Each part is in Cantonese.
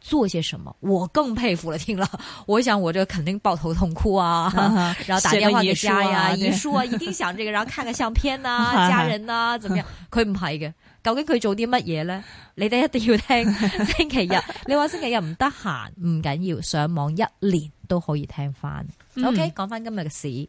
做些什麼？我更佩服了。聽了，我想我這肯定抱頭痛哭啊！啊然後打電話給家呀，遺書啊，一定想這個，然後看個相片啊，家 人啊怎麼樣？ 佢唔係嘅，究竟佢做啲乜嘢咧？你哋一定要聽。星期日， 你話星期日唔得閒，唔緊要，上網一年都可以聽翻。嗯、OK，講翻今日嘅事。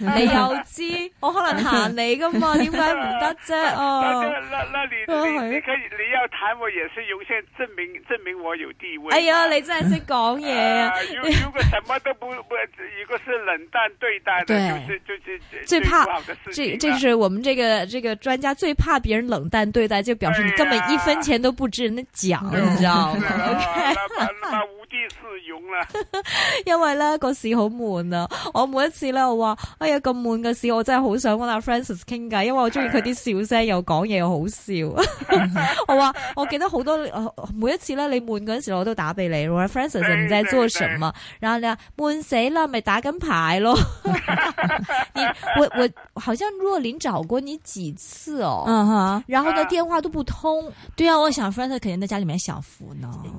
你又知我可能彈你噶嘛？點解唔得啫？哦，嗱嗱 你你你可以你要談我也是用先證明證明我有地位。哎呀，你真係識講嘢啊！如果如果什麼都不不，如果是冷淡對待的，對、 就是，就就，就，就最怕，最這這是我們這個這個專家最怕別人冷淡對待，就表示你根本一分錢都不值，那講，啊、你知道嗎？ 啦， 因為咧個市好悶啊！我每一次咧我話，哎呀咁悶嘅事，我真係好想揾阿 Francis 傾偈，因為我中意佢啲笑聲，又講嘢又好笑。 我話我記得好多每一次咧你悶嗰陣時，我都打俾你，我話 Francis 就唔知做乜，然後你話悶死啦，咪打緊牌咯。 你我我好像若琳找過你幾次哦，然後呢電話都不通。對啊，我想 Francis 肯定在家裏面享福呢。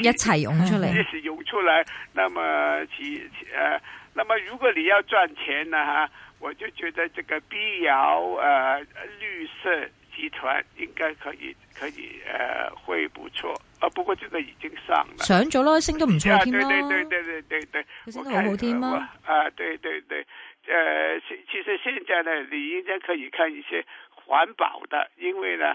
一齊湧出來 一齊湧出嚟。那麼其，誒、呃，那麼如果你要賺錢呢吓，我就覺得這個碧瑤呃綠色集團應該可以，可以呃會不錯。啊，不過這個已經上了上咗啦，升得唔錯添了、啊、對對對對對對，升得好好添啦。啊，啊，對對對，呃其實現在呢，你應該可以看一些環保的，因為呢。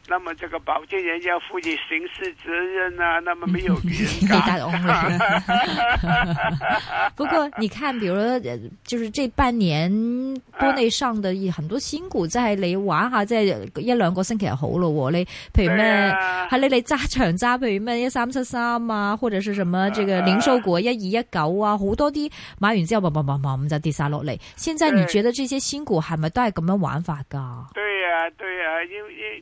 那麼這個保薦人要負起刑事責任啊！那麼沒有個人 不過，你看，比如說，就是這半年多內上的很多新股，在你玩下，即係一兩個星期就好咯。你譬如咩，係你嚟揸長揸，譬如咩一三七三啊，或者是什麼這個零售股一二一九啊，好、啊、多啲買完之後，砰砰砰砰咁就跌晒落嚟。現在你覺得這些新股係咪都係咁樣玩法噶？對啊，對啊，因為。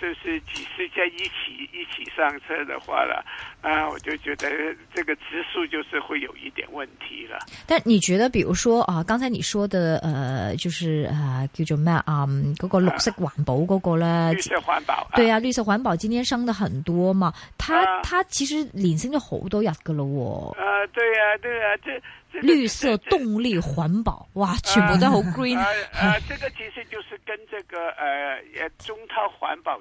就是幾十家一起一起上車的話呢，啊，我就覺得這個指數就是會有一點問題了。但你覺得，比如說啊，剛才你說的，呃，就是啊，叫做咩啊，嗰個綠色環保嗰個呢，綠色環保。解啊對啊，綠色環保今天升得很多嘛，它、啊、它其實連升咗好多日嘅咯喎。啊，對啊，對啊，這、這個、綠色動力環保這哇，全部都好 green。啊啊，啊啊 這個其實就是跟這個呃中滔環保。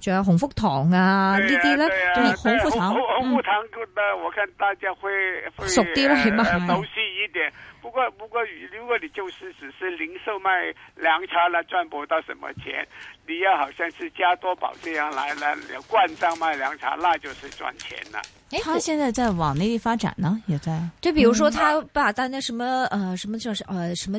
仲有鴻福堂啊，啊呢啲咧，好豐富。鴻福堂嗰啲，我看大家會，會熟啲啦，起熟悉一點，不過不過如果你就是只是零售賣涼茶啦，賺不到什麼錢。你要好像是加多寶這樣來來灌裝賣涼茶，那就是賺錢啦。誒，他現在在往內地發展呢，也在。就比如說，他把大家什麼，嗯、呃，什麼就是，呃，什麼？